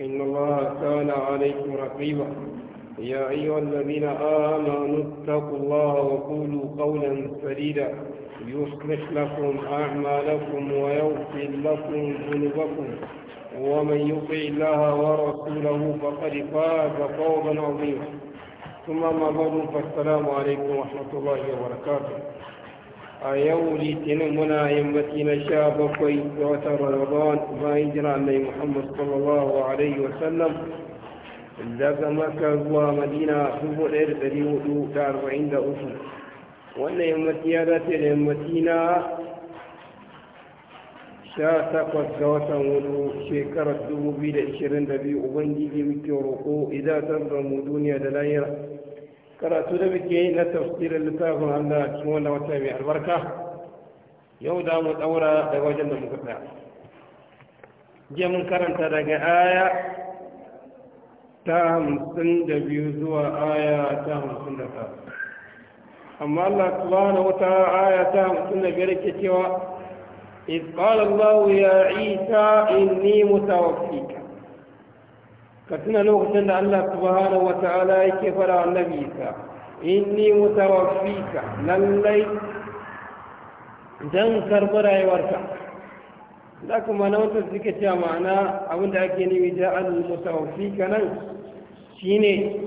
إن الله كان عليكم رقيبا يا أيها الذين آمنوا اتقوا الله وقولوا قولا سديدا يصلح لكم أعمالكم ويغفر لكم ذنوبكم ومن يطع الله ورسوله فقد فاز فوضا عظيما ثم ما بعد فالسلام عليكم ورحمة الله وبركاته a yau litinin muna yammaci na sha bakwai ga watan ramadan bayan jira mai muhammad sallallahu alaihi wasallam daga maka zuwa madina 1443 wannan yammaci ya dace da bati na sha takwas ga watan hudu shekarar 2022 ubangiji muke roƙo idan zan mu duniya da lahira karatu da muke yi na tafsirin littafin Allah cikin wannan wata mai albarka yau da mu daura daga wajen da muka tsaya jiya mun karanta daga aya ta hamsin da biyu zuwa aya ta hamsin da ta amma Allah subhanahu wa ta'ala aya ta hamsin da biyar ke cewa إذ قال الله يا عيسى إني متوفيك ka tuna lokacin da Allah subhanahu wa ta'ala yake fara annabi Isa inni mutawaffika lallai dan karbi rayuwarka da kuma na wata suke cewa ma'ana abinda ake nufi da al-mutawaffika nan shine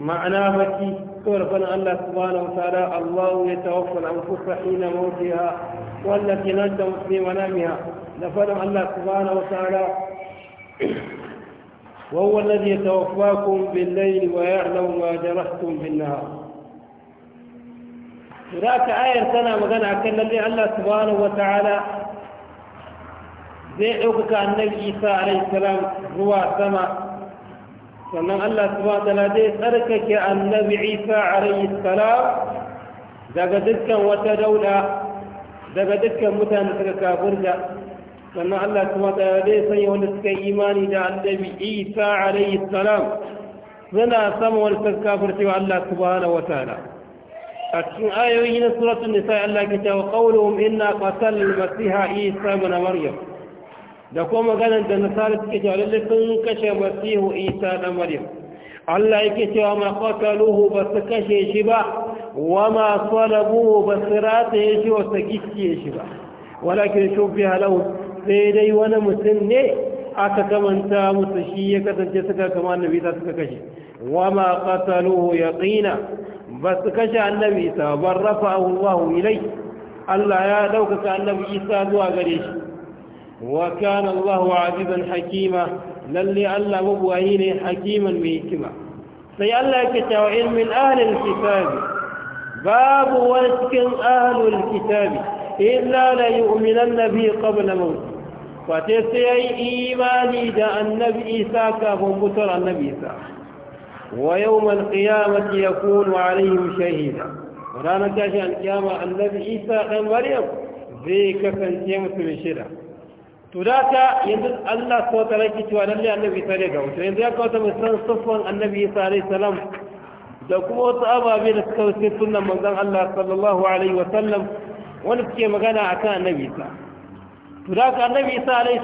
ma'ana baki kawai fana Allah subhanahu wa ta'ala Allah ya tawaffa al-anfusa hina mawtiha wallati najat mana miya. da fana Allah subhanahu wa ta'ala وهو الذي يتوفاكم بالليل ويعلم ما جرحتم بالنهار ذاك آية سنة مغنى كان الذي الله سبحانه وتعالى zai ɗaukaka annabi isa alaihissalam zuwa sama sannan allah subhanahu zai tsarkake annabi isa alaihissalam daga dukkan wata dauda daga dukkan mutane suka kafinta. sannan Allah kuma ta zai sanya wanda suka yi imani da annabi Isa alayhi salam zana sama wani taskafar cewa Allah subhanahu wataala a cikin ayoyi na suratul nisa Allah ke cewa qawluhum inna qatal masiha Isa ibn Maryam da kuma maganar da nasara suke cewa lalle sun kashe masihu Isa dan Maryam Allah yake cewa ma qataluhu ba su kashe shi ba wa ma salabuhu ba su rataye shi wa su gicciye shi ba walakin shubbiha lahu sai dai wani mutum ne aka kamanta musu shi ya kasance suka kama annabi isa suka kashe wa ma qataluhu yaqina ba su kashe annabi isa ban rafa'ahu Allah ilai Allah ya ɗaukaka annabi isa zuwa gare shi wa kana Allah azizan hakima lalle Allah mabuwayi ne hakiman mai hikima sai Allah ya yake cewa ilmin ahlul kitabi babu wani cikin ahlul kitabi illa la yu'minanna bi qabla mawt fate sai ya yi imani da annabi isa kafin mutuwar annabi isa wa yau malƙiyamati ya kunu alaihim shahida ranar tashi alƙiyama annabi isa ɗan maryam zai kasance musu mai shida to da ka yanzu allah ko ta raki cewa lalle annabi isa ne ga wuce yanzu ya kawata san siffan annabi isa alaihi salam da kuma wasu ababe da suka wuce sunan manzon allah sallallahu alaihi wasallam wani suke magana akan annabi isa to ka annabi isa alaihi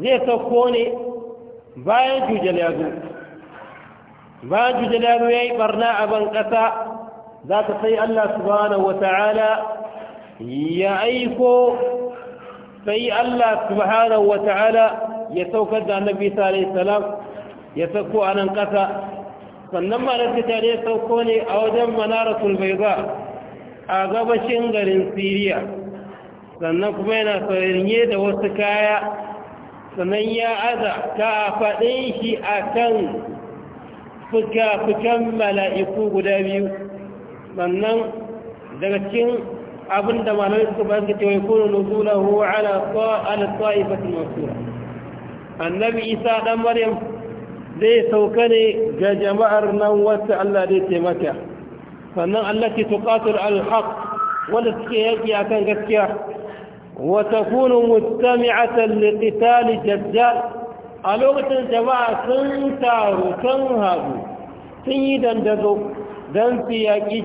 zai sauko ne bayan jujjal ya zo bayan jujjal ya zo ya yi barna a ban ƙasa za ka sai allah subhanahu wa ta'ala ya aiko sai allah subhanahu wa ta'ala ya saukar da annabi isa alaihi ya sauko a nan ƙasa sannan ma da ta ne sauko ne a wajen manara bai a gabashin garin siriya sannan kuma yana saurinye da wasu kaya sannan ya aza ta faɗin shi a kan fuka-fukan mala'iku guda biyu sannan daga cikin abin da malamai suka ba suka cewa kuna nuzula huwa ala ta'ifatin masura annabi isa ɗan maryam zai sauka ne ga jama'ar nan wata allah zai taimaka sannan allah ke tuƙatar alhaq wanda suke yaƙi akan gaskiya وتكون مستمعة لقتال دجال a lokacin jama'a sun taru sun haɗu sun yi dandazo don su yaƙi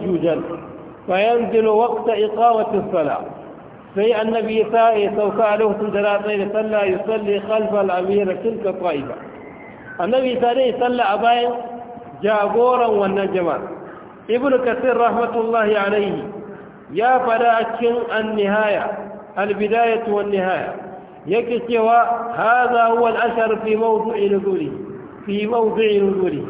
bayan zilo wakta iqamatin sala sai annabi ya sa ya sauka a lokacin da ratsa da sallah ya salli khalfal amira tilka qaida annabi ya dai a bayan jagoran wannan jama'a ibnu kasir alaihi ya fada a cikin annihaya البداية والنهاية يكسوى هذا هو الأثر في موضوع نزوله في موضوع نزوله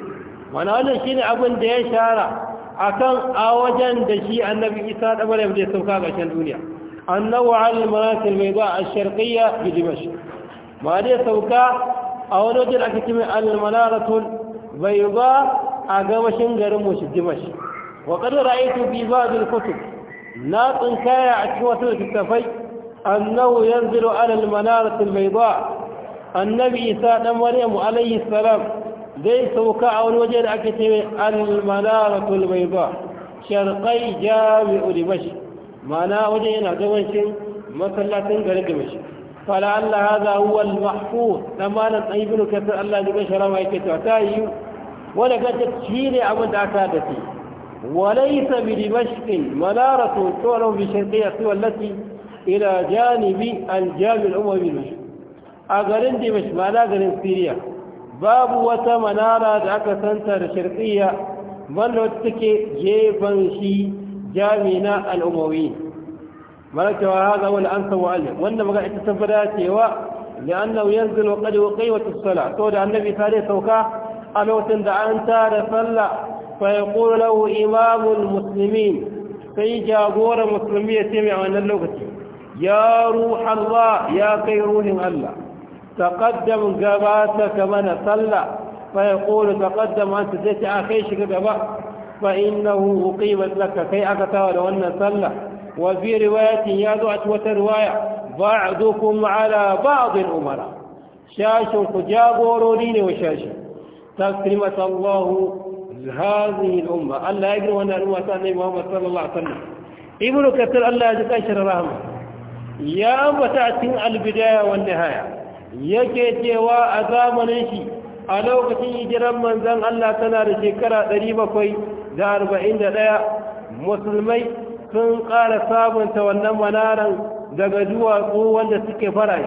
وانا أنا شين أبن دي شارع أكن أوجا دشي النبي إسان أبن يبدي سوكاك عشان دنيا أنه على المناطق البيضاء الشرقية بدمشق ما دي سوكا أو نجل أكتم المنارة البيضاء أقوش غرموش دمشق وقد رأيت في بعض الكتب na tsinkaya a cikin wasu littattafai أنه ينزل على المنارة البيضاء النبي إيسى مريم عليه السلام ليس وكاء وجد أكتب المنارة البيضاء شرقي جامع دمشق لا وجهنا نعم دمشق مثلا تنقل دمشق فلعل هذا هو المحفوظ لما نطيب له كثر الله لبشر ما يكتب ولقد تشيري أمد أكادتي وليس بدمشق منارة تعلم بشرقية التي إلى جانب الجامع الأموي بالمشي أغرين دمشق معنى أغرين سيريا باب وتمنارة ذاك سنتر شرقية بل وتكي جيبا جامعنا الأمويين ملكة هذا هو الأنسى وألم وأن قاعد اتسفراتي و لأنه ينزل وقد وقيمة الصلاة تقول النبي ثالث وكاه ألوت دعان أنت رسل فيقول له إمام المسلمين في جابور مسلمية سمع عن اللغة يا روح الله يا كي روح الله تقدم قباتك من صلى فيقول تقدم أنت تسعى خيشك قبا فإنه أقيمت لك كي ولو أن صلى وفي رواية يا دعت وترواية بعضكم على بعض الأمراء شاش الخجاب ورولين وشاش تكرمة الله هذه الأمة ألا يقرأ أن الأمة محمد صلى الله عليه وسلم ابن كثير الله يجب أن يشرر رحمه ya ambata a cikin albidaya wanda haya yake cewa a zamanin shi a lokacin hijiran manzan Allah tana da shekara 741 musulmai sun ƙara sabunta wannan manaran daga duwatsu wanda suke fara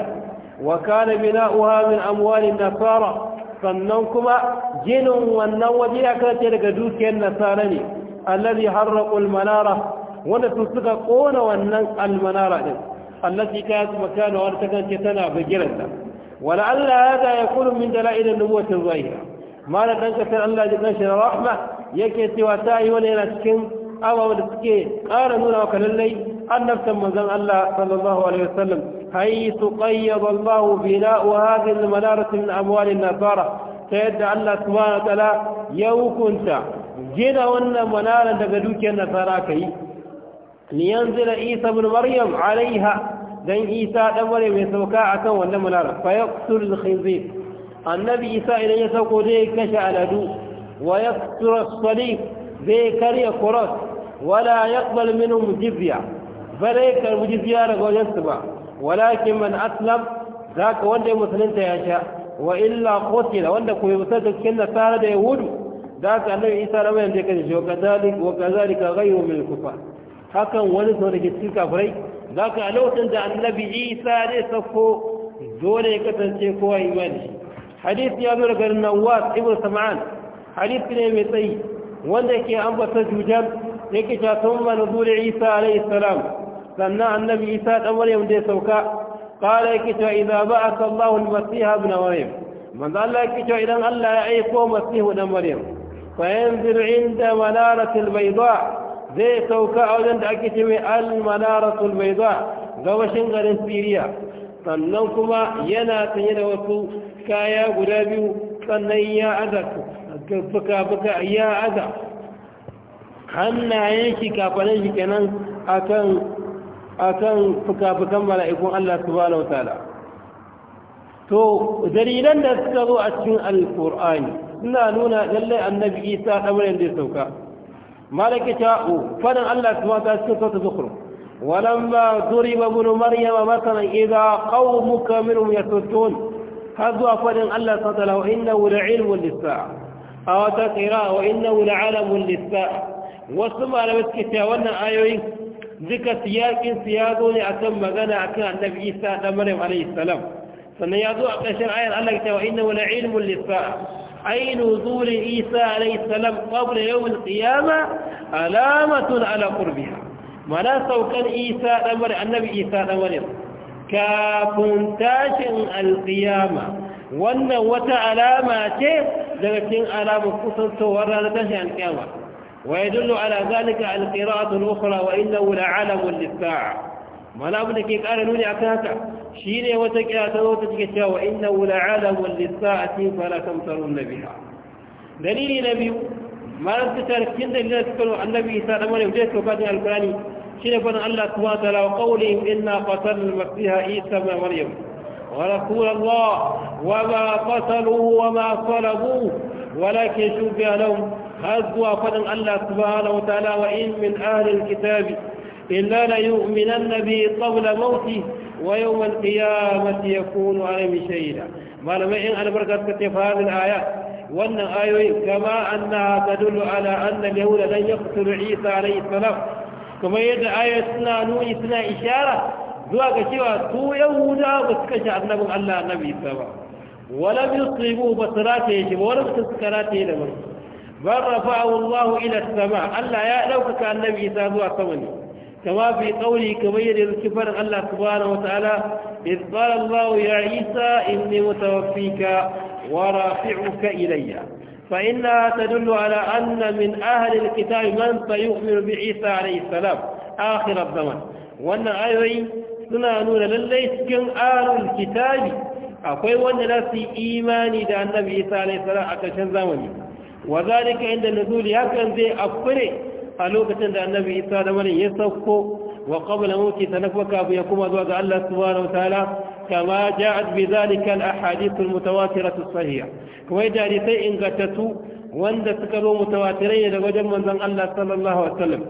wa kana bina'uha min amwalin nasara sannan kuma ginin wannan waje ya kace daga dukiyar nasara ne allazi harraqul manara wanda su suka kona wannan almanara din allati ta yasu makana wani ta kance tana bagiranta wala Allah ya ta ya kulun min dala'ilin nubuwatin zahira malam dan kasar Allah ji kan shi rahma yake cewa ta yi wani yana cikin abawa da suke ƙara nuna kalallai. lallai annabtan manzon Allah sallallahu alaihi wasallam haythu qayyada Allah bina'u hadhihi al-manarati min amwal an-nasara ta yadda Allah subhanahu wa ta'ala ya hukunta gina wannan manara daga dukiyar nasara kai liyanzila isa bin maryam alaiha dan isa dan maryam ya sauka akan wannan munar fa yaqtul khinzir annabi isa idan ya sauko zai kashe aladu wa yaqtul salib zai karya kuras wala yaqbal minhum jizya bare karbu jizya daga wajensu ba walakin man aslam zaka wanda ya musulunta ya sha wa illa wanda nasara da yahudu ذاك النبي عيسى لم يملك وكذلك وكذلك غيره من الكفار hakan wani sau da ke cikin kafirai za ka a lokacin da annabi isa ne sako dole ya kasance kowa imani hadisi ya zo daga nawas ibn sam'an hadisi ne mai tsayi wanda yake ambata jujan yake ta tumma nuzul isa alayhi salam sannan annabi isa dan maryam da ya sauka qala yake ta idza ba'atha allah al-masih ibn maryam manzo allah yake ta idan allah ya aiko masihu dan maryam fa yanzuru inda manaratil bayda zai sauka a wajen da ake ce mai almanaratul mai zuwa gabashin garin siriya sannan kuma yana sanye da wasu kaya guda biyu sannan ya aza buka buka ya aza hannayen shi kafanin shi kenan akan fuka-fukan mala'ikun Allah subhanahu wa ta'ala to jaridan da suka zo a cikin alkur'ani suna nuna lallai annabi isa ɗamarin da ya sauka malaki ta u fadan Allah su mata cikin sautin zukurum walan ba duri ba bunu marya ba muka minu ya sautun har zuwa fadan Allah su mata lawa inna lissa a wata tsira wa inna wuri alamun lissa wasu malamai suke cewa wannan ayoyi duka siyakin su ya zo ne akan magana akan annabi isa da maryam alayhi salam sannan a ƙarshen ayar Allah ya ce wa inna wuri ilmun lissa أي نزول عيسى عليه السلام قبل يوم القيامة علامة على قربها mana saukan isa ɗanwar annabi isa ɗanwarin kafin tashin alƙiyama wannan wata alama ce daga cikin alamar kusantowar ranar tashin alƙiyama wa ya dullu ala zalika alƙira'atul ukhra wa innahu la'alamun lis-sa'a mala abu da ke ƙara nuni a haka shi ne wata kira ta zo ta cike cewa inna wula alamun cikin fala tamtarun na biya dalili na biyu malar ta tarkin dalilan suka nuna annabi isa da maryam da suka fadin alkurani shi ne fadin allah subhanahu wa ta'ala wa qawlihim inna qatalna masiha isa ibn maryam wa rasul allah wa ma qataluhu wa ma salabuhu walakin shubbiha lahum har zuwa fadin allah subhanahu wa ta'ala wa in min ahli kitabi إلا ليؤمنن به قبل موته ويوم القيامة يكون عليه شهيدا ما لم يئن أن بركة كتفاء الآيات وأن آيوين كما أنها تدل على أن اليهود لن يقتلوا عيسى عليه السلام كما يد آية سنة نوعي سنة إشارة ذوك شوى تو يهودا بسكش أنهم الله النبي سوا ولم يصيبوا بصراته ولم تذكراته لهم بل رفعه الله إلى السماء ألا يألوك كأن النبي إذا ذو أصمني كما في قوله كما يريد كفر الله سبحانه وتعالى إذ قال الله يا عيسى إني متوفيك ورافعك إلي فإنها تدل على أن من أهل الكتاب من سيؤمن بعيسى عليه السلام آخر الزمن وأن أيوي سنانون لليسكن أهل الكتاب أقوي وأن لا في إيماني دا النبي عيسى عليه السلام أكشن زمني وذلك عند النزول هكذا أفره a lokacin da annabi isa da wani ya sauko wa qabla mawti tanafa kafin ya kuma zuwa ga Allah subhanahu wa ta'ala kama ja'at bi zalika al ahadith al mutawatirah as sahiha kawai da sai ingatatu wanda suka zo mutawatirai daga wajen manzon Allah sallallahu alaihi wasallam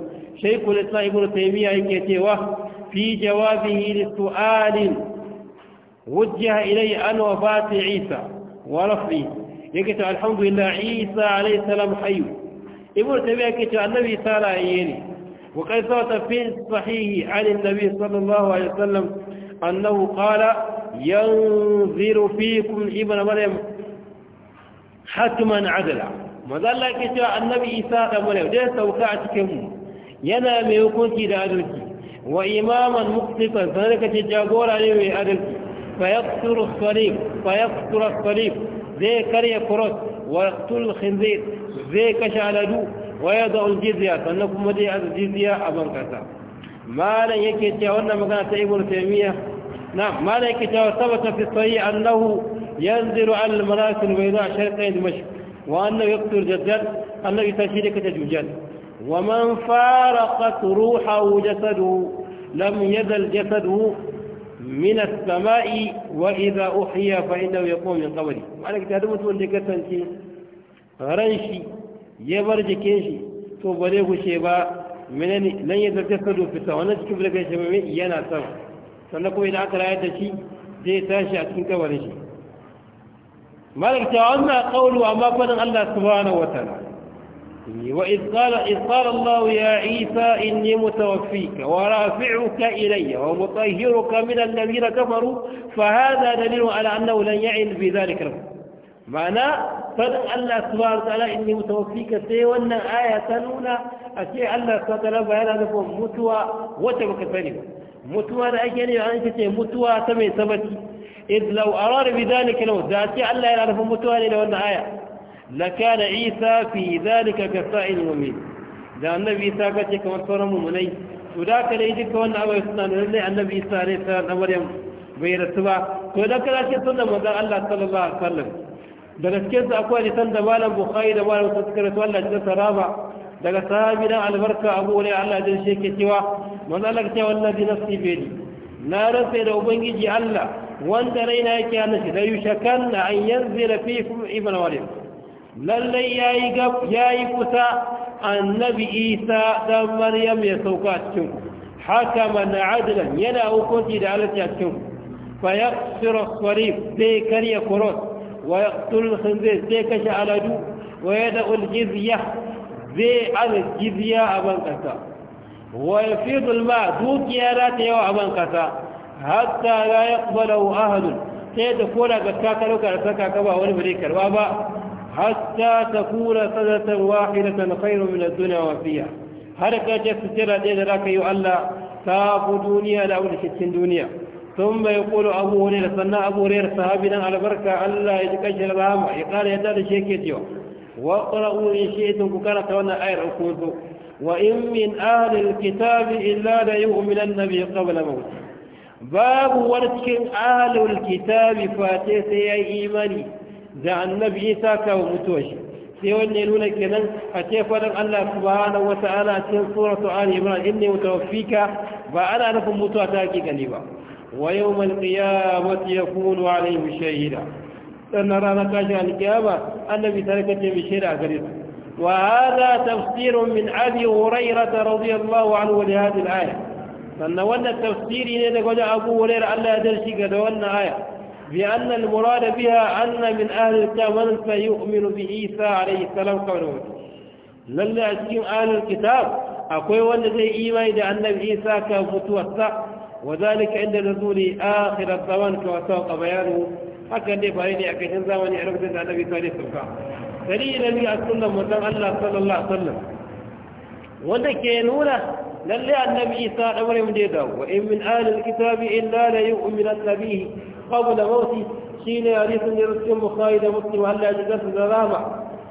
shaykhul islam ibn taymiya yake cewa fi jawabihi li su'alin wujjaha ilayhi an wafati isa wa rafi yake ta alhamdulillah isa alayhi salam hayy يقول تبيه كتاب النبي صلى الله عليه وسلم وقد صوت في صحيح عن النبي صلى الله عليه وسلم أنه قال ينظر فيكم ابن مريم حتما عدلا ماذا لك يا النبي عيسى مريم ده توقعتكم ينا ميكون كي دادوك واماما مقتفا ذلك تجاور عليه عدل فيقتر الصليب فيقتر الصليب ذي كري كروس ويقتل الخنزير زي كشالدو ويضع الجزية فأنكم مدي الجزية أبن كسا ما لن يكي تيوانا مكان سيبون تيمية نعم ما لن يكي ثبت في الصحيح أنه ينزل على المناس البيضاء شرقين دمشق وأنه يقتل جدل أنه يتشير كتجوجات ومن فارقت روحه جسده لم يزل جسده min as-sama'i wa idza uhiya fa innahu yaqum min qabri malaka ta duk mutum da ya kasance ran shi ya bar jikin shi to ba zai gushe ba menene nan ya zarta sadu fita wannan cikin bulgan shi mai yana sama sannan kuma idan aka rayar da shi zai tashi a cikin kabarin shi malaka ta wannan qawlu amma fadin Allah subhanahu wa ta'ala وإذ قال, إذ قال الله يا عيسى إني متوفيك ورافعك إلي ومطهرك من الذين كفروا فهذا دليل على أنه لن يعن في ذلك له معنى فدن الله سبحانه وتعالى إني متوفيك سي آية تنونا أشياء الله سبحانه وتعالى فهذا نفو متوى وتبك ثانيه متوى رأيكني يعني كتير متوى سمي سمتي إذ لو أرار بذلك لو ذاتي الله يعرف متوى لأن آية لكان عيسى في ذلك كسائر المؤمنين da annabi isa ka ce kamar sauran mummunai to da ka dai duka wannan abai suna da lallai annabi isa ne sa na maryam bai rasu ba to da ka ce sunna manzon Allah sallallahu alaihi wasallam da gaske su akwai hadisan da malam bukhari da malam tafsir to Allah ya saraba daga sahabi dan albarka abu ne Allah ya ce ke cewa manzon Allah ce wallahi nafsi bi na rasa da ubangiji Allah wanda raina yake hana shi da yushakan an yanzila fikum ibn maryam lallai ya yi kusa annabi isa da maryam ya sauka a cikin haka mana adilan yana hukunci da alaci cikin fa ya tsira kwari sai karya kuros wa ya tsul khinzir sai kashe aladu wa ya da uljiziya zai aljiziya a ban kasa wa ya fi zulma dukiya za ta yawa a ban kasa hatta ya kubala wa ahadun sai da kora ga kakaruka da saka kaba wani bari karba ba hatta ta kura sadatan wahidatan khairu min ad-dunya wa fiha har ka ce sitira dai da zaka yi Allah ta ku duniya da wani cikin duniya sun bai abu hore da sannan abu hore sahabi nan albarka Allah ya ji kashi rahama ya kara yadda da shi yake cewa wa ya in ku wannan وإن من أهل الكتاب إلا ليؤمنن به قبل موته باب ورتك أهل الكتاب فاتيس يا إيماني da annabi saka wa mutuwa shi sai wanne nuna kenan a ce faɗin Allah subhanahu wa ta'ala a cikin suratu Ali Imran inni mutawaffika ba ana nufin mutuwa ta gani ba wa yawmal qiyamati yakunu alayhim shahida sannan ranar tashi alkiyama annabi tarkace mai shaida a gare su wa hada tafsirun min abi hurairah radiyallahu anhu li hadhihi al-aya sannan wannan tafsiri ne daga wajen abu hurairah Allah ya darshi ga da wannan aya بأن المراد بها أن من أهل الكتاب من سيؤمن بعيسى عليه السلام قبل موته lalle a cikin ahlul kitab akwai wanda zai imani da annabi isa ka mutuwarsa wa zalika inda nuzuli akhir zaman wa haka ne bare ne a kashin zamani a lokacin da annabi sai sauka dari da ni a sunnan manzon Allah sallallahu alaihi wasallam wanda ke nuna lalle annabi isa da bare mu da dawo wa in min ahlul kitabi illa la yu'minu bihi qabla mauti shine hadisin da Rasul Bukhari da Muslim Allah ya gasu da rama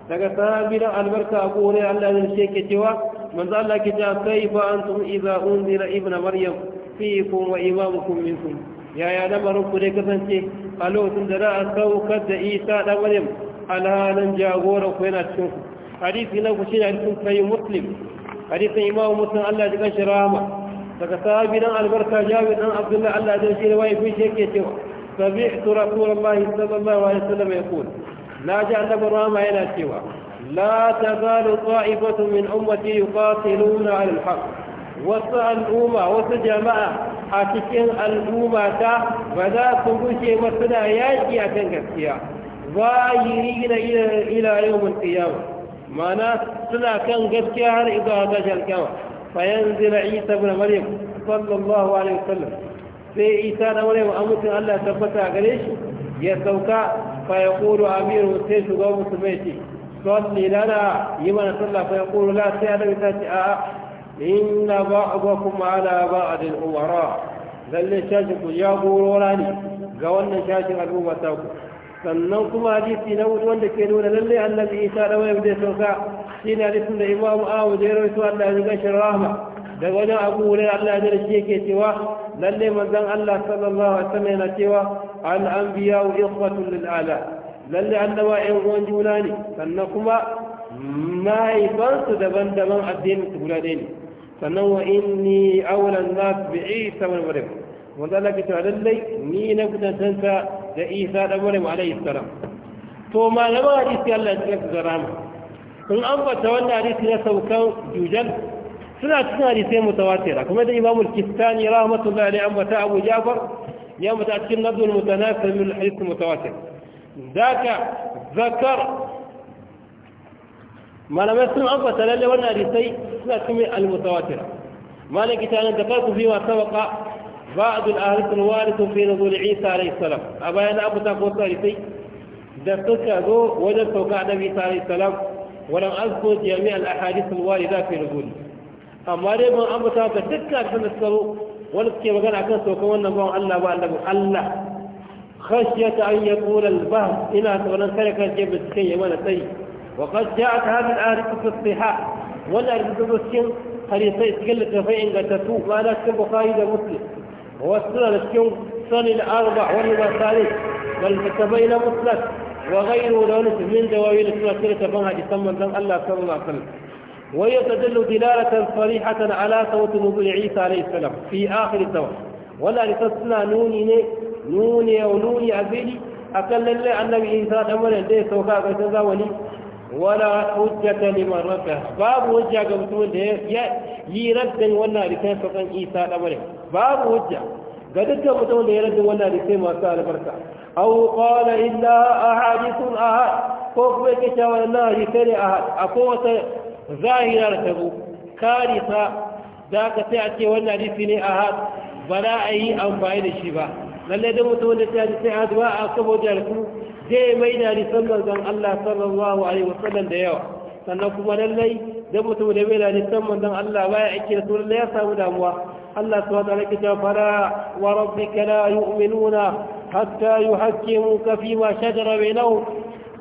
daga sahabidan albarka Abu Hurairah Allah ya ce ke cewa manzo Allah ke cewa kaifa antum idza unzira ibn maryam fiikum wa imamukum minkum yaya lamarin ku dai kasance a lokacin da za a saukar da Isa dan Maryam alhalan jagoran ku yana cikin ku hadisi na ku shine hadisin sai Muslim hadisin Imam Muslim Allah ya gashi rama daga sahabidan albarka Jabir dan Abdullah Allah ya ce wai fi shi سمعت رسول الله صلى الله عليه وسلم يقول لا جعل برام الى سوى لا تزال طائفة من أمتي يقاتلون على الحق وصع الأمة وصع جماعة حاكك الأمة تا ودا كبوش وصنا ياجي أتنك السياء ظاهرين إلى يوم القيامة ما ناسنا كان قد كهر إذا هدج الكهر فينزل عيسى بن مريم صلى الله عليه وسلم sai isa na wani mutum allah tabbata a gare shi ya sauka fa ya kuru amiru sai shugaban musulmai ce salli lana yi mana sallah fa ya kuru la sai annabi ta ce a'a inna ba'dakum ala din umara lalle shashi ku ya goro rani ga wannan shashin al'umma ta ku sannan kuma hadisi na hudu wanda ke nuna lalle annabi isa da wani zai sauka shi shine hadisin da imamu awu da ya rawaito Allah ya zuga gashin rahama daga wajen abu wurin Allah ya zara shi yake cewa lalle manzon Allah sallallahu alaihi wasallam yana cewa al anbiya wa ikhwatu lil ala lalle annaba ɗan uwan juna ne sannan kuma mahaifansu daban-daban addinin su guda ɗaya ne sannan wa inni awlan nas bi isa wal maryam wanda Allah ke cewa lallai ni na kutantanta da isa da maryam alaihi salam to malaman hadisi Allah ya tsaya su zarama kun ambata wannan hadisi na saukan jujal suna cikin hadisai mutawatira kuma da imamu kistani rahmatullahi alaihi ambata abu jafar ya ambata a cikin nazul mutanasabi alhadith mutawatir zaka zakar malamai sun ambata lalle wannan hadisai suna cikin almutawatira malam kitanin da farko fi ma sabaqa ba'd al-ahadith al-warith fi nuzul isa alaihi salam a bayan abu ta ko hadisai da suka zo wajen sauka annabi isa alaihi salam ولم أذكر جميع الأحاديث الواردة في نزوله amma dai ban ambata ka dukkan abin da suka wani suke magana kan saukan wannan bawan Allah ba Allah Allah khashyata an yaqul al-bahr ina tsoron kare kan ce ba suke yi mana tsayi wa qad ja'at hadhihi al-ayat fi sahih wannan rubutu cikin hadisai cikin littafai ingantattu ba da cikin bukhari da muslim wa sunan cikin sunan al-arba' wal masalih bal kitabai na muslim wa ghayru da wani min dawawi da suna cire tafan hadisan manzon Allah sallallahu alaihi wasallam ويتدل دلالة صريحة على صوت نزول عيسى عليه السلام في آخر الزمان ولا لتصنع نوني نوني أو نوني أبيلي أقل الله النبي عيسى أولا ليه سوكا بسنزا ولي ولا حجة لمن رده باب وجه قبطول ليه يرد ولا لكان سوكا عيسى أولا باب وجه قد تقبطون ليه رد ولا لكان سوكا بركة أو قال إلا أحادث أحد كوكبك شاول الله يسري أحد أقوة zahirar ta zo karisa da ka sai a ce wannan hadisi ne a had ba za a yi amfani da shi ba lallai don mutum wanda ta hadisi a ba a saboda su zai mai da hadisan manzon Allah sallallahu alaihi wasallam da yawa sannan kuma lallai don mutum da mai da hadisan manzon Allah ba baya ake da su lallai ya samu damuwa Allah ke الله سبحانه وتعالى فلا وربك لا يؤمنون حتى يحكموك فيما شجر بينهم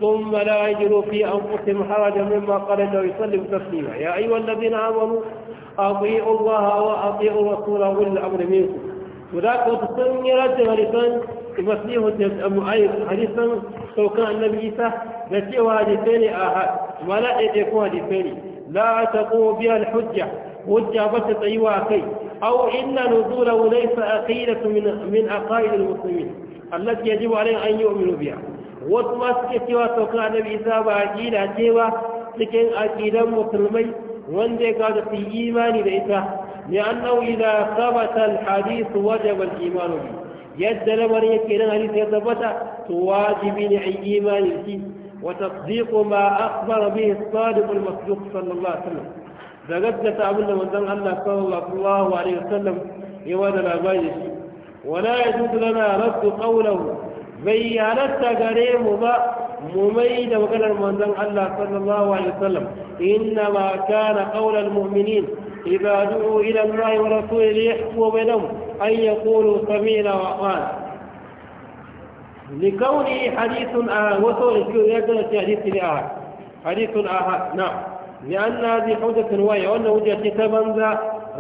ثم لا يجدوا في أنفسهم حرجا مما قالت ويسلم تسليما يا أيها الذين آمنوا أطيعوا الله وأطيعوا الرسول وأولي الأمر منكم وذاك وتسلم يرد حديثا يمسيه المؤيد حديثا سو كان النبي عيسى نسيه حديثين احد آه، ولا يكون حديثين لا تقوم بها الحجة حجة بس أيها اخي أو إن نزوله ليس أخيرة من من أقائد المسلمين التي يجب عليهم أن يؤمنوا بها wasu ma suke cewa saukan annabi isa ba a ce cewa cikin aƙidan musulmai wanda ya kawo su imani da ita ne an nau'i da al hadisu wajen al-iman bi yadda lamarin yake nan hadisu ya tabbata to wajibi ne a yi imani shi wa tasdiqu ma akhbara bihi as-sadiq al-masduq sallallahu alaihi wasallam da abin da manzon Allah sallallahu alaihi wasallam ya wada labari shi wala يجوز lana رد qawluhu bai halatta gare mu ba mu mai da maganar manzon Allah sallallahu alaihi wasallam inna ma kana qaulal mu'minin idza du'u ila Allah wa rasulihi yahkumu bainahum an yaqulu sami'na wa ata'na لكونه حديث آه وصول يدرس حديث لآه حديث آه نعم لأن هذه حجة واية وأن وجهة تبنزى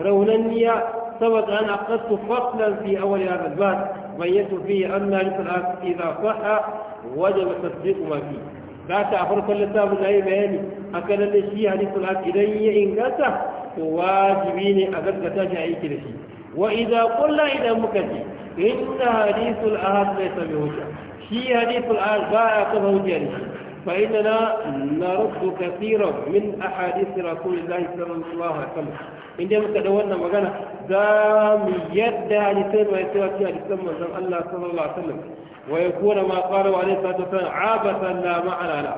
رونانية سبق أن أقصت فصلا في أول هذا الباب بينت فيه أن القرآن إذا صح وجب تصديق ما فيه ذات أفرق اللتاب الأي بياني أكل الشيء حديث القرآن إلي إن قلت واجبين أقل قتاج أي كرشي وإذا قلنا إذا مكتي إن حديث الأهد ليس بهجة شيء حديث الأهد باع قبه جانشي فإننا نرد كثيرا من أحاديث رسول الله صلى الله عليه وسلم عندما تدورنا مغانا دام يدى لسيما يسوى فيها لسيما من الله صلى الله عليه وسلم ويكون ما قاله عليه الصلاة والسلام عابثا لا معنى له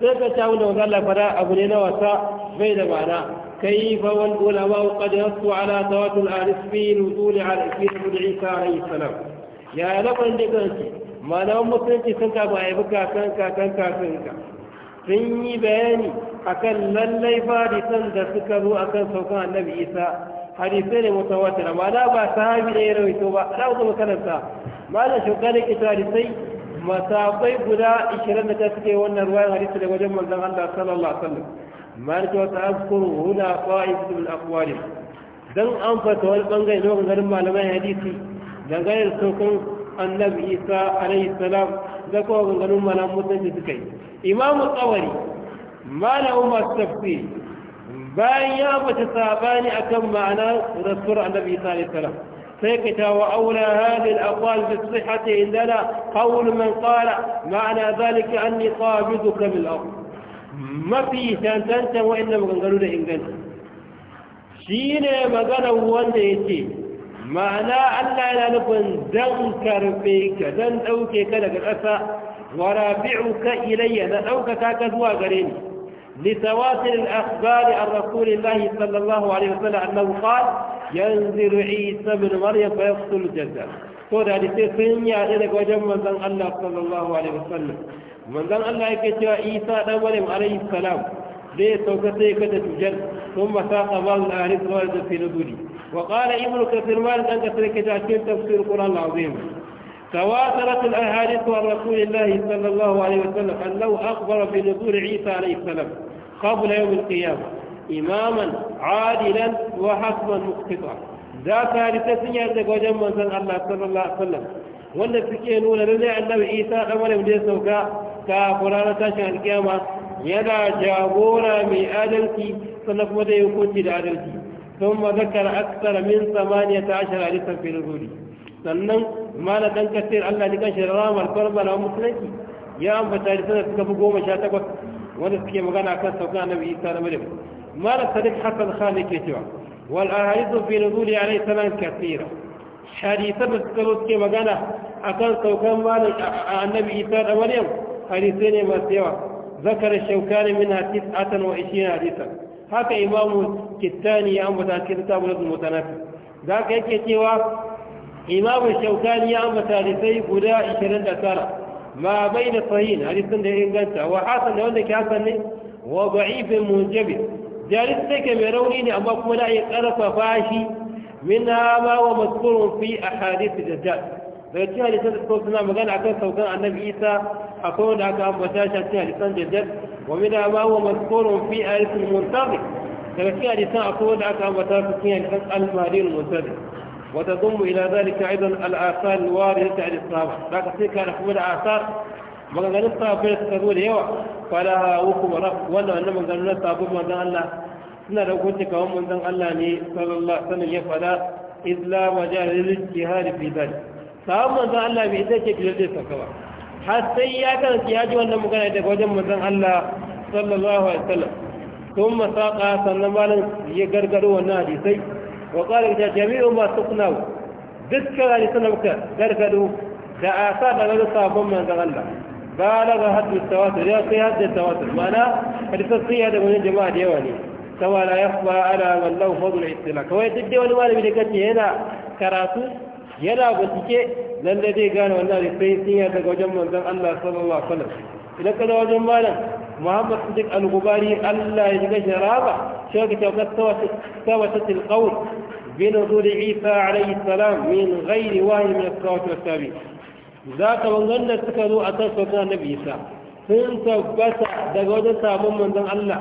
سيكا شاونا وقال فلا أبنينا وساء بين معنا كيف والعلماء قد نصوا على تواتر الآلف في نزول على في عيسى عليه السلام يا لمن لك malaman musulunci sun kafa a yi kakan kakan ka sun yi bayani akan lallai farisan da suka zo akan saukan annabi isa hadisai ne mutawatir amma na ba sahabi da ya rawaito ba na kuma makaranta malam shugaban ita hadisai masabai guda 20 da ta suke wannan ruwan hadisai da wajen manzon Allah sallallahu alaihi wasallam malik wa ta'akkuru huna qa'id bin akwari don an fata wani bangare lokacin garin malamai hadisi dangane da saukan annabi isa alaihi salam da kuma ganganun malam mutunci suka yi imamu tsawari mana Umar tafsiri bayan ya bata sabani akan ma'ana rasuwar annabi isa alaihi salam سكت وأولى هذه الأقوال بالصحة ma'ana قول an ni معنى ذلك أني قابضك بالأرض ما في تنتنت maganganu da inganta. Shi ne maganar wanda ya ce. ma'ana Allah yana nufin dan karbe ka dan dauke ka daga ƙasa wa rabi'uka ilayya na daukaka ka zuwa gare ni لتواتر الأخبار عن رسول الله صلى الله عليه وسلم أنه قال ينزل عيسى بن مريم فيقتل الجزاء da hadisai sun yaɗe daga wajen manzon Allah sallallahu alaihi wasallam manzon Allah yake cewa Isa dan Maryam alaihi salam zai sauka sai kada tujar sun masaka ba al-arif وقال ابن كثير مالك أن كثير كتابين تفسير القرآن العظيم تواترت الأحاديث عن رسول الله صلى الله عليه وسلم أنه أخبر بنزول عيسى عليه السلام قبل يوم القيامة إماما عادلا وحكما مقتطعا ذات ثالثة يرد وجم من سن الله صلى الله عليه وسلم wanda suke nuna lalle annabi isa dan maryam da ya sauka kafin ranar tashin alkiyama yana jagora mai adalci sannan kuma da hukunci da adalci ثم ذكر أكثر من ثمانية عشر ألفا في نزوله sannan mana dan kasir Allah ni kan shirara mar korba na musulunci ya ambata da sanar suka fi goma sha takwas wanda suke magana kan saukan annabi Isa na Maryam mala sadiq Hassan khan ke cewa wal ahadithu fi nuzuli alayhi salam kathira hadithan da suka zo suke magana akan saukan malam annabi Isa da Maryam hadisai ne masu yawa Zakar shaukani min hadith 29 hadithan haka imamu kittani ya ambata cikin littafin mutanafi za ka yake cewa imamu shaukani ya ambata hadisai guda 29 ma bai da sahihin hadisin da ya inganta wa hasan da wanda ke hasan ne wa ba'ifin munjabi sai ke mai rauni ne amma kuma da iya karfafa shi min ma wa maskurun fi da dajjal daga cikin hadisan da suka suna magana akan saukan annabi isa a akwai wanda aka ambata shi a cikin hadisan jaddad wani da ma huwa mazkurun fi ayatul muntazir daga cikin hadisan akwai wanda aka ambata su cikin hadisan al-mahdi al-muntazir wa tadummu ila dhalika aidan al-athar al ta an as-sahaba daga sai kana kuma da asar maganganun sahabbai suka zo da yawa falaha ba raf wannan wannan maganganun sahabbai manzon Allah suna da hukunci kawai manzon Allah ne sallallahu alaihi sallam ya fada illa majalil jihad fi dhalik samun manzan Allah bai ita ce biyar zai saka ba har sai ya kan ya ji wannan magana daga wajen manzan Allah sallallahu alaihi wasallam kuma masaka sannan malam ya gargaro wannan hadisai wa qala ta jami'u ma suqnaw dukkan hadisan muka gargado da asa da gado sabon manzan Allah balaga haddu tawatur ya sai haddu tawatur ma'ana hadisan sai ya da wani jama'a da yawa ne sawa la yakhfa ala wallahu fadlu istila kawai duk dai wani malami da kace yana karatu yana bincike lalle zai gane wannan hadisai sun ya daga wajen manzon Allah sallallahu alaihi wasallam idan ka wajen malam Muhammad Sadiq Al-Gubari Allah ya shiga sharaba sai ka tauka tawata tilqaul bin zuhr Isa alaihi salam min ghairi wahyi min as-sawat was-sabi ka wannan da suka zo a tsakan Annabi Isa sun tabbata daga wajen sabon manzon Allah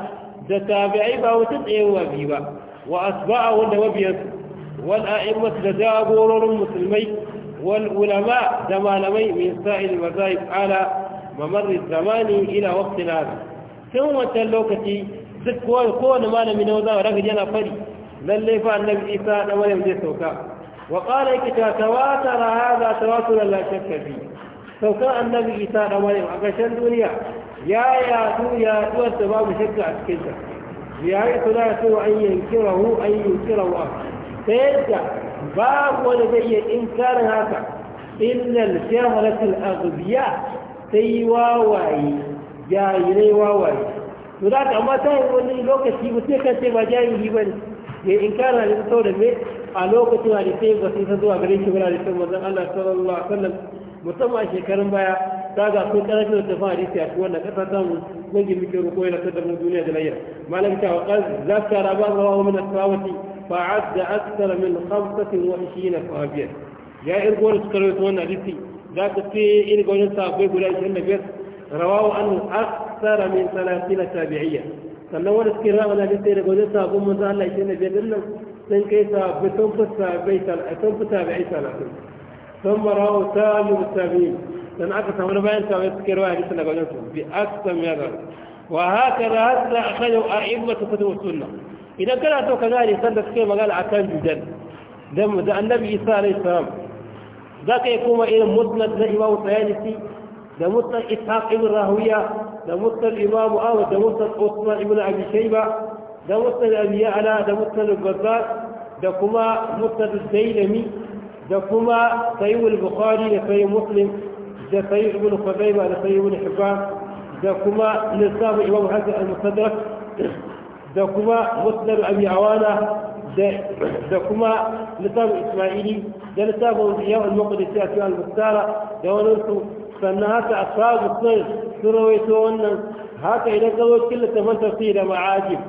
da tabi'ai ba wata tsayewa biyu ba wa asba'a wanda mabiyansu wal a'immat da jagororin musulmai wal da malamai min sa'il mazahib ala mamarri zamani ila waqtin hada tun wancan lokaci duk kowane malami na wazan raga yana fari lalle fa annabi isa da maryam zai sauka wa qala kita tawatara hadha tawatur la shakka fi saukan annabi isa da a gashin duniya ya yadu yaduwar da babu shakka a cikin sa ya yi suna so an yankirahu an yankirahu ta yadda babu wani zai iya inkarin haka illal jahalatul aghbiya sai wawaye jahilai wawaye to da ka amma ta yi wani lokaci ba sai kan ce ba jahili ba ne ya inkarin hadisi sau da me a lokacin hadisai ba sai ta zuwa gare shi wani hadisin manzon Allah sallallahu alaihi wasallam musamman shekarun baya ta ga sun karfi da tafi hadisi a cikin wannan kasa ta mu zan gimi ke ruko yana duniya da layyar malam ta wa zakara ba rawa min as-sawati فعد أكثر من خمسة وعشرين صحابيا يا إرغوان سكروا يتوانا لسي ذاك في إرغوان صحابي قولا إشان بيت رواه أنه أكثر من ثلاثين تابعية سنوان سكروا أنا لسي إرغوان صحابي مزا الله إشان نبير لنا سن كيسا بتنف صحابي تنف تابعي سلاسل ثم رواه تابعي التابعين سن أكثر من بين صحابي سكروا أهل سنة قولا بأكثر من هذا وهكذا أخذوا أئمة كتب والسنة. idan kana so ka gane sanda suka yi magana a kan jujan da annabi isa alaihi salam za ka yi kuma irin musnad na imamu tsayanisi da musnad ishaq ibn rahawiya da musnad imamu awad da musnad usman ibn abi shayba da musnad abi ala da musnad al-bazzar da kuma musnad al-dailami da kuma sahih al-bukhari da sahih muslim da sahih ibn khuzaimah da sahih ibn hibban da kuma lissafu imamu hasan al-mustadrak da kuma musnad abi awana da kuma littafin isma'ili da littafin yau al-maqdisi a cikin al-muktara da wani su sannan haka ashabu sun sun rawaito wannan haka idan ka zo cikin littafin tafsir da ma'ajib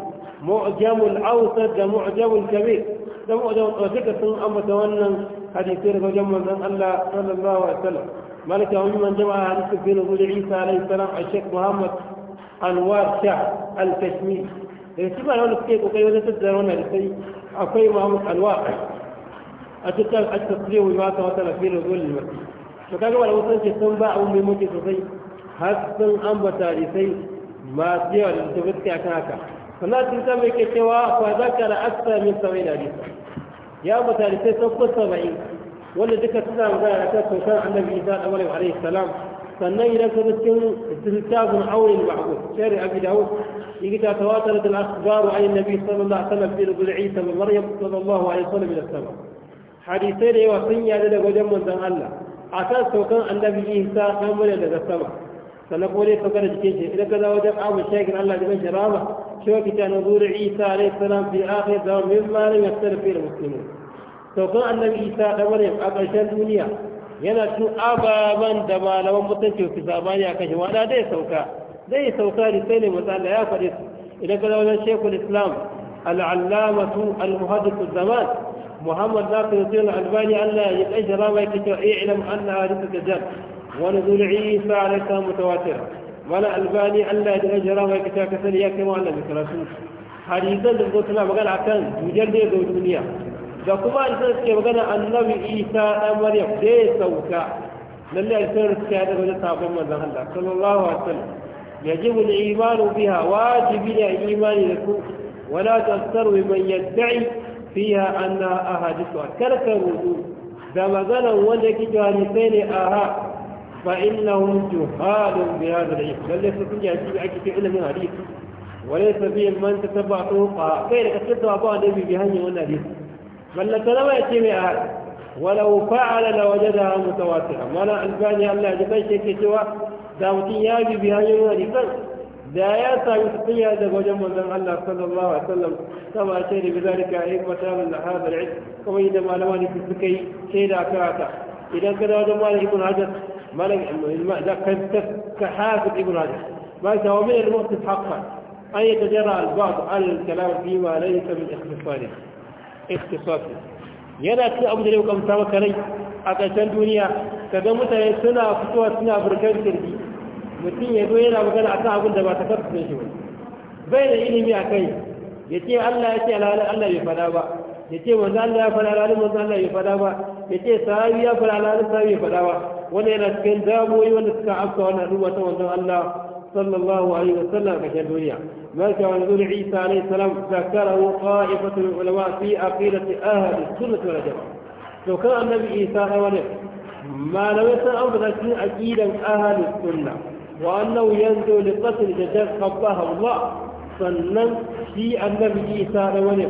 mu'jamul awsat da mu'jamul kabir da mu'jamul tawfika sun ambata wannan hadisi daga wajen manzon Allah sallallahu alaihi wasallam malaka wani man jama'a hadisi bin Isa alaihi salam a Sheikh Muhammad Anwar Shah al-Kashmiri Eh, shi ba malamai suke kokari wajen tattara wannan sai akwai imamu alwa a cikin a tasiriya wa mata wata na fiye da zuwa limar to kaga malamai wasu ke sun ba abun mai muke sosai har sun ambata da sai masu yawa da su gaskiya kan haka sannan sun mai ke cewa fa zaka da aksa min sauyi da hadisa ya ambata da sai sun kusa ba'i wanda duka suna magana da kan sosan annabi isa da malam alaihi salam sannan idan ka cikin littafin aurin ba ku shari abu da hau yi ta tawatar da al'asibar wa ayin nabi sallallahu alaihi wasallam fi rubu'i ta mamar yabu sallallahu alaihi wasallam da sama hadisai da yawa sun yada daga wajen manzan allah a kan saukan annabi isa dan mulan daga sama sannan dai ka gara jikin shi idan ka wajen abu shaikin allah da mai rama shi wa kita nazuri isa alaihi salam fi akhir zaman min ma lam yastarfi al muslimin saukan annabi isa dan mulan a ƙarshen duniya yana tun ababen da malaman mutunci su zamani a kashi wanda zai sauka zai sauka da sai ne matsala ya faɗi su idan ka zaunar shekul islam al'allamatu al-muhaddisu zaman muhammad za ka zai albani allah ya kai jira mai kake iya ilam allah hadisu dajjal wani zuri isa alaika mutawatir mana albani allah ya kai jira mai kake kasar ya kai ma allah mai karatu hadisan da zo tana magana akan dujar da ya zo duniya ga kuma alfiyar suke magana annabi isa dan maryam da ya sauka lalle alfiyar suke yada wajen sabon manzan allah sallallahu alaihi wasallam ya ji mu da imanu biya wajibi da imani da ku wala tasar wa man yaddai fiha anna ahadithu karka rudu da magana wanda yake cewa ni sai ne aha fa innahum juhalun bi hadha al-ayy lalle su kunya ji ake ce ilimin hadisi wala sabiyan man tatabatu fa kai da kasar da ba da bi hanyar wannan من بل لتنوى يتمي آل ولو فعل لوجدها متواترة ولا ألباني ألا جبان شيء كتوى داوتي يابي بها يونا لفن دا ياسا يتقيا دا وجمع دا ألا صلى الله عليه وسلم كما أشير بذلك أيب مثال لهذا العلم كما إذا ما لواني في كي لا كاكا إذا كده وجمع لي ابن عجل ما لك إنه إلماء دا كحافظ ابن عجل ما يسوى من المؤسس حقا أن يتجرى البعض على الكلام فيما ليس من إخفاره ikhtisasi yana cin abu da yau kamta maka rai a ƙarshen duniya kaga mutane suna fitowa suna burkan kirki mutum ya zo yana magana akan abin da ba ta kafa shi ba bai da ilimi a kai ya ce Allah ya ce alhalin Allah bai fada ba ya ce manzo Allah ya fada alhalin manzo Allah bai fada ba ya ce sahabi ya fada alhalin sahabi bai fada ba wannan yana cikin damuwoyi wanda suka afka wannan al'umma ta wannan Allah صلى الله عليه وسلم في الدنيا ما كان نزول عيسى عليه السلام ذكره طائفة من العلماء في عقيدة أهل السنة والجماعة لو كان النبي عيسى أولا ما لم يكن أمر عقيدا أهل السنة وأنه ينزل لقتل دجال قبلها الله صلى في النبي عيسى أولا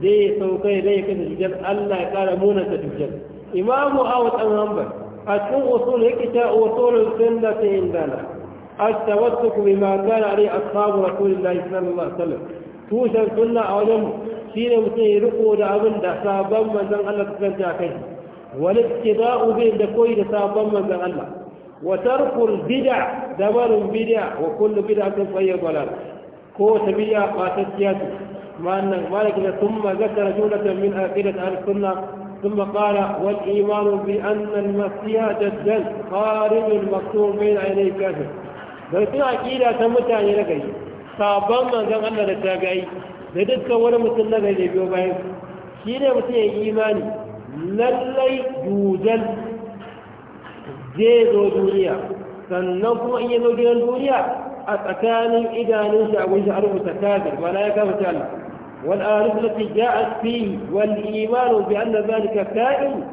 zai saukai zai kan dujjal Allah ya kara muna ta dujjal imamu awad an hanbal a cikin usul yake ta usulul sunnati indana التوثق بما كان عليه أصحاب رسول الله صلى الله عليه وسلم توشا سنة أولم سينا مسيح رقو دا أبن دا سابن من ذن الله تسلم تاكي والاتضاء بهم دا كوي دا سابن من وترك البدع دمر بدع وكل بدع تنفي الضلال كو سبيا قاتت سياسي ما أنك مالك ثم ذكر جملة من اخرة أهل السنة ثم قال والإيمان بأن المسيح جدا خارج المقصور بين عينيه كافر don sun aƙida ta mutane na gari sabon manzon Allah da ta gayi da dukkan wani mutum na gari da biyo bayan shi ne mutum ya imani lallai dujal zai zo duniya sannan kuma in ya zo gidan duniya a tsakanin idanun shi a gunshi a rubuta kafir ba na ya kama ta Allah wal arif lati ja'at fi wal iman bi anna zalika ka'in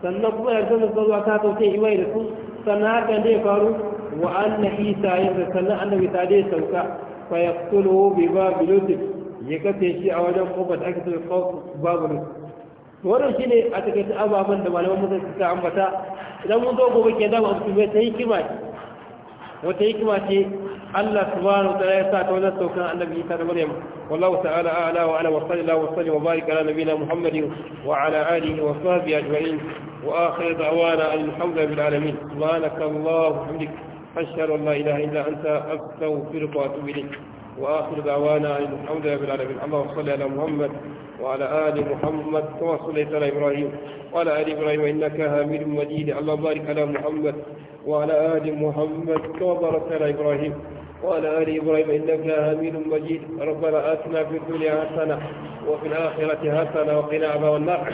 sannan kuma ya zama zuwa ta sauke imani da su sannan hakan ya faru وأن عيسى sauka أنه تعدي سوكا فيقتله ya لطف يكتشي شيء wajen قبة أكثر القوس باب لطف wannan shi ne a takaice ababen da malaman musa ta ambata idan mun zo gobe ke zama abu mai ta hikima ce wata hikima ce Allah subhanahu wa ta'ala ya sa ta wannan saukan annabi Isa da Maryam wallahu ta'ala a'la wa ala wa sallallahu wa sallam wa barik ala nabiyina Muhammadin wa ala alihi wa sahbihi ajma'in wa akhir da'wana alhamdulillahi bil alamin subhanaka allahumma wa bihamdika أشهد أن لا إله إلا أنت أستغفرك وأتوب إليك وآخر دعوانا أن الحمد لله رب العالمين اللهم صل على محمد وعلى آل محمد كما صليت على إبراهيم وعلى آل إبراهيم إنك حميد مجيد اللهم بارك على محمد وعلى آل محمد كما باركت على إبراهيم وعلى آل إبراهيم إنك حميد مجيد ربنا آتنا في الدنيا حسنة وفي الآخرة حسنة وقنا عذاب النار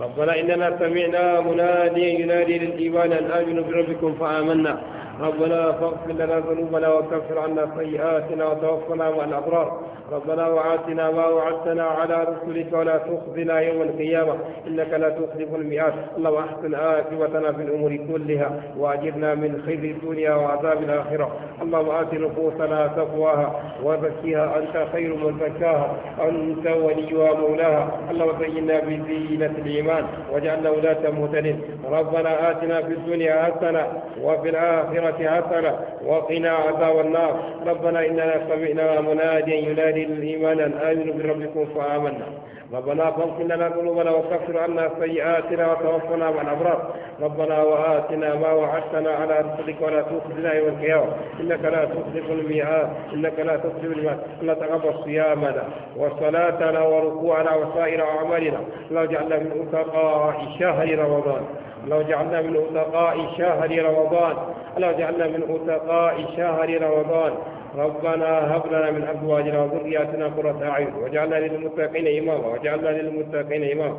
ربنا إننا سمعنا مناديا ينادي للإيمان أن آمنوا بربكم فآمنا ربنا فاغفر لنا ذنوبنا وكفر عنا سيئاتنا وتوفنا مع الأبرار ربنا وآتنا ما وعدتنا على رسلك ولا تخزنا يوم القيامة إنك لا تخلف المئات اللهم أحسن عاقبتنا في الأمور كلها وأجرنا من خزي الدنيا وعذاب الآخرة اللهم آت نفوسنا تقواها وزكيها أنت خير من زكاها أنت وليها مولاها اللهم زينا بزينة الإيمان واجعلنا ولاة مهتدين ربنا آتنا في الدنيا حسنة وفي الآخرة حسنة وقنا عذاب النار ربنا إننا سمعنا مناديا ينادي إيمانا آمنوا بربكم فآمنا ربنا فاغفر لنا ذنوبنا وكفر عنا سيئاتنا وتوفنا مع الأبرار ربنا وآتنا ما وعدتنا على رسلك ولا تخزنا يوم القيامة إنك لا تخلف الميعاد إنك لا تخلف الميعاد لا تقبل صيامنا وصلاتنا وركوعنا وسائر أعمالنا لا جعلنا من أتقاء شهر رمضان اللهم اجعلنا من أتقاء شهر رمضان اللهم اجعلنا من أتقاء شهر رمضان ربنا هب لنا من أزواجنا وذرياتنا قرة أعين واجعلنا للمتقين إماما واجعلنا للمتقين إماما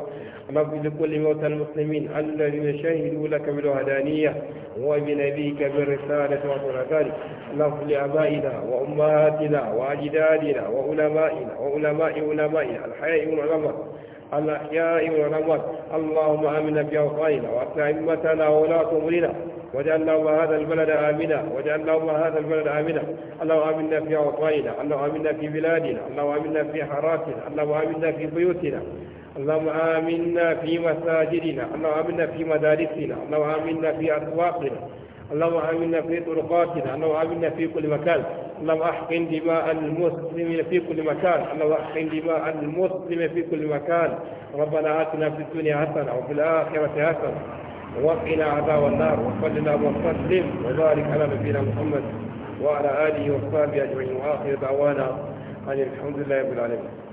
اللهم لكل موتى المسلمين الذين شهدوا لك بالوهدانية وبنبيك بالرسالة ذلك اللهم لآبائنا وأمهاتنا وأجدادنا وعلمائنا وعلماء علمائنا الحياء والعلماء الأحياء والأموات اللهم آمنا في أوطاننا وأصلح أئمتنا وولاة أمورنا واجعل اللهم هذا البلد آمنا واجعل اللهم هذا البلد آمنا اللهم آمنا في أوطاننا اللهم آمنا في بلادنا اللهم آمنا في حراسنا، اللهم آمنا في بيوتنا اللهم آمنا في مساجدنا اللهم آمنا في مدارسنا اللهم آمنا في أسواقنا اللهم آمنا في طرقاتنا اللهم آمنا في كل مكان اللهم أحقن دماء المسلمين في كل مكان اللهم أحقن دماء المسلمين في كل مكان ربنا آتنا في الدنيا حسنة وفي الآخرة حسنة وقنا عذاب النار وصلنا وسلم وبارك على نبينا محمد وعلى آله وصحبه أجمعين وآخر دعوانا أن الحمد لله رب العالمين